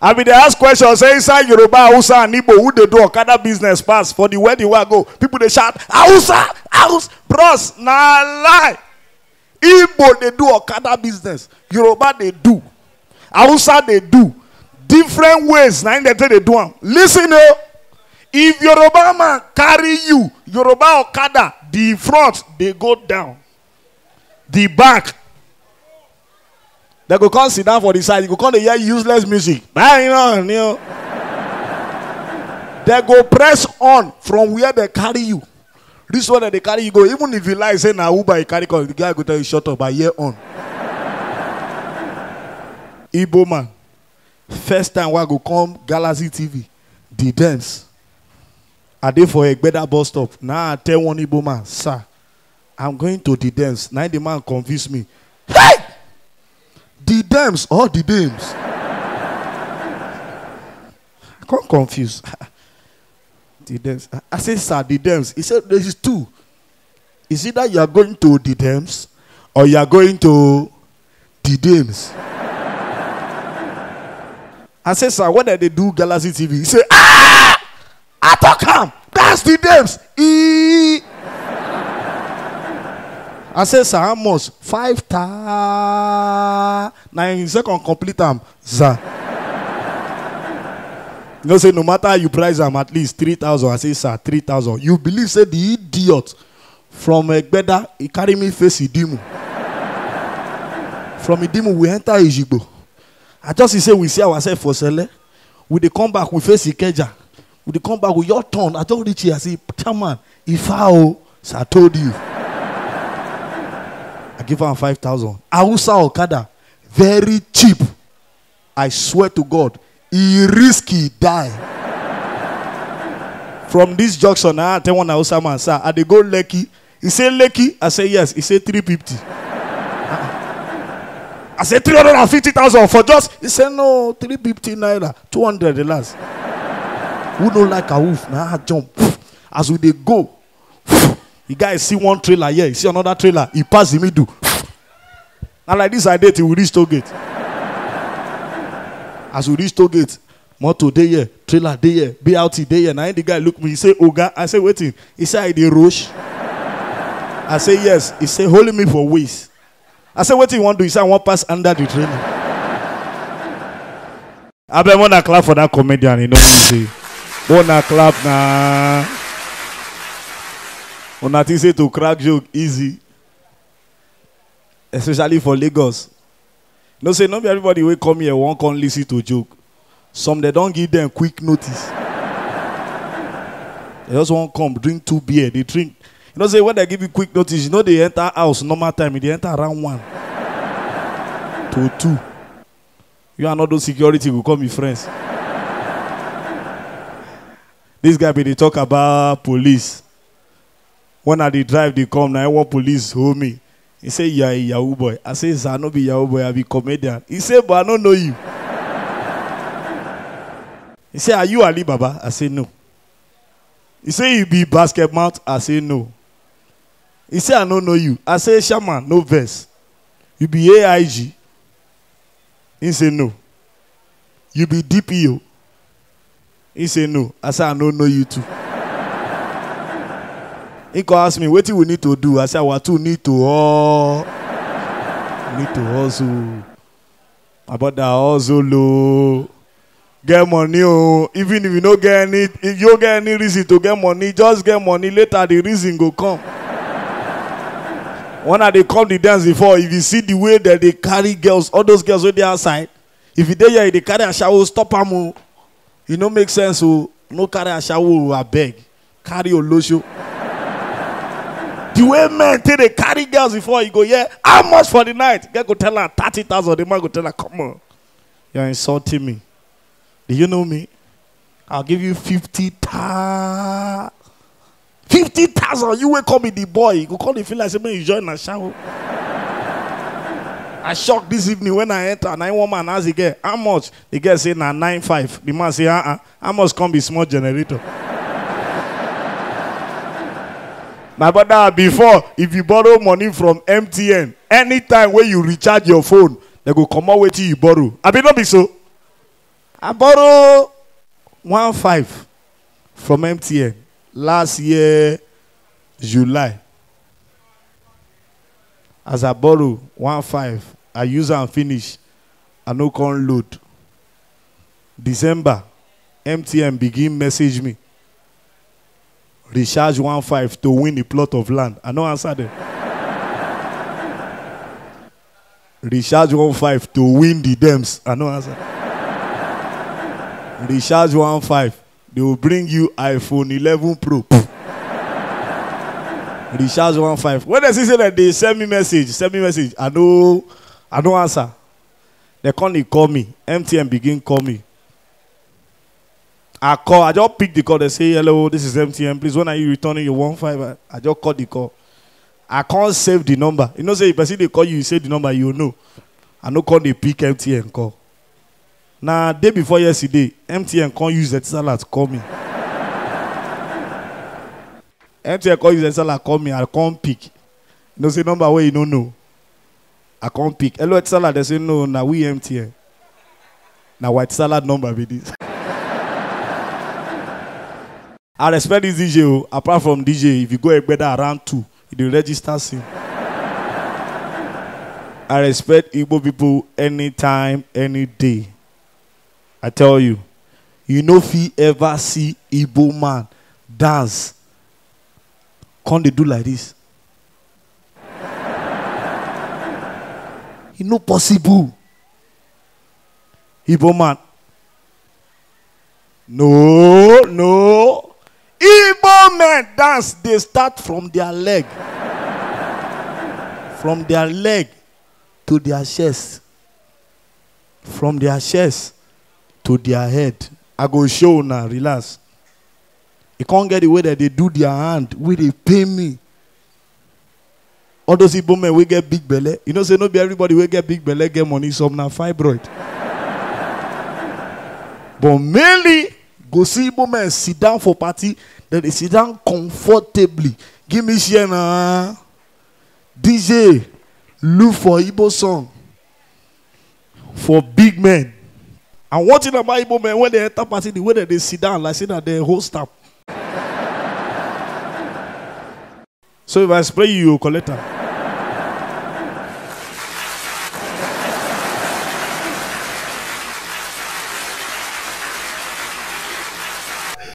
I mean, they ask questions, say inside Yoruba, Hausa, and Igbo, who they do Okada business pass for the where they want go. People they shout, Hausa, House, bros, na lie. Igbo they do Okada business. Yoruba they do. Hausa they do. Different ways, now they they do them. Listen, oh. If Yoruba man carry you, Yoruba Okada, the front, they go down. The back, They go come sit down for the side you go come dey hear useless music báyìí náà ni o go press on from where they carry you this one that they carry you go even if you lie say na uber you carry come the guy go tell you shut up i hear on Ibo man first time wey go come galaxy tv the dance i dey for a better bus stop Nah, tell one Ibo man sir i'm going to the dance Now the man confuse me hey dems or the beams. I can't confuse. the I say sir, the dams. He said, there is two. Is it that you are going to the dams or you are going to the dams? I said, sir, what did they do Galaxy TV? He said, ah! I talk him. That's the dams. E- I say sir how much? Five ta. Na in second complete am za. you say no matter how you price am at least three thousand. I say sir three thousand. You believe say the idiot from Egbeda he carry me face Idimu. from Idimu we enter Ijibo. I just he say we see ourselves for sale. We dey come back we face Ikeja. We dey come back with your turn. I just reach here I say chairman I o sir I told you. I give am five thousand. Hausa Okada, very cheap. I swear to God, he risky die. From this junction, I tell one Hausa man, sir, are they go Lekki. He say Lekki, I say yes. He say three fifty. I say three hundred and fifty thousand for just. He say no, three fifty naira, two hundred the last. Who don't like a wolf? Now nah, jump. As we they go, The guy see one trailer here, he see another trailer, he pass the middle. now like this I date. He will reach gate. As we reach gate, motor dey here, trailer dey here, BLT dey here. Now the guy look me, he say, Oga, I say, waiting. He say, I dey rush. I say, yes. He say, holding me for ways. I say, what do you want to do? He say, I want pass under the trailer. I bet wanna clap for that comedian, you know what I'm saying? Wanna clap now. Nah. On a dit to crack joke easy. Especially for Lagos. No say not everybody will come here one can listen to joke. Some they don't give them quick notice. they just won't come, drink two beer, they drink. You know, say when they give you quick notice, you know they enter house normal time, they enter around one to two. You are not those security who call me friends. this guy be the talk about police when i dey drive dey come na one police hold me he say you are a yahoo boy i say sir no be yahoo boy i be comedian he say but i no know you he say are you ali baba i say no he say you be basket mouth i say no he say i no know you i say shaman no vex you be aig he say no you be dpo he say no i say i no know you too. He go ask me, wetin we need to do? I say, our two need to hustle. need to hustle. About that hustle, lo. Oh. Get money, oh. Even if you no get any, if you get any reason to get money, just get money. Later, the reason go come. when I dey come the dance before, if you see the way that they carry girls, all those girls wey dey outside, if you dey here, you dey carry ashawo, stop am o. Oh. E no make sense o. Oh. No carry ashawo o, abeg. Carry olosho. The way men take they carry girls before you go, yeah, how much for the night? Get go tell her 30,000. The man go tell her, come on. You're insulting me. Do you know me? I'll give you 50,000. 50,000. You will call me the boy. You go call the feel like say, man, you join a shower. I shocked this evening when I enter. Nine woman asked the girl, how much? The girl say, nah, nine five. The man say, uh-uh. How much come be small generator? My brother, before, if you borrow money from MTN, anytime when you recharge your phone, they go come out with you borrow. I mean, not be so. I borrow one five from MTN last year, July. As I borrow one five, I use and finish. I no can load. December, MTN begin message me. Recharge one five to win a plot of land. I no answer them. they one five to win the dams. I no answer. Recharge one five. They will bring you iPhone 11 Pro. Recharge one five. When they say that they send me message, send me message. I no, I no answer. They come, they call me. MTN begin call me. I call, I just pick the call. They say, hello, this is MTN. Please, when are you returning your one five? I, just call the call. I can't save the number. You know, say if I see the call you, you say the number, you know. I no call the pick MTN call. Now day before yesterday, MTN can't use the salad call me. MTN can't use the salad call me. I can't pick. You know, say number where you don't know. I can't pick. Hello, salad. They say no. Now we MTN. Now white salad number be this. I respect this DJ. Oh. Apart from DJ, if you go a better around two, the register sing. I respect Igbo people anytime, any day. I tell you, you know if you ever see Igbo man dance, can they do like this? you know possible. Igbo man. No, no men dance, they start from their leg. from their leg to their chest. From their chest to their head. I go show now, relax. You can't get the way that they do their hand, Will they pay me. All those Igbo men, we get big belly. You know, say no be everybody we get big belly, get money, some now fibroid. but mainly, Go see Igbo men sit down for party, then they sit down comfortably. Give me share na. DJ, look for Igbo song for big men. And one thing about Igbo men, when they enter party, the way that they sit down, like say that they host up. so if I spray you, you collect her.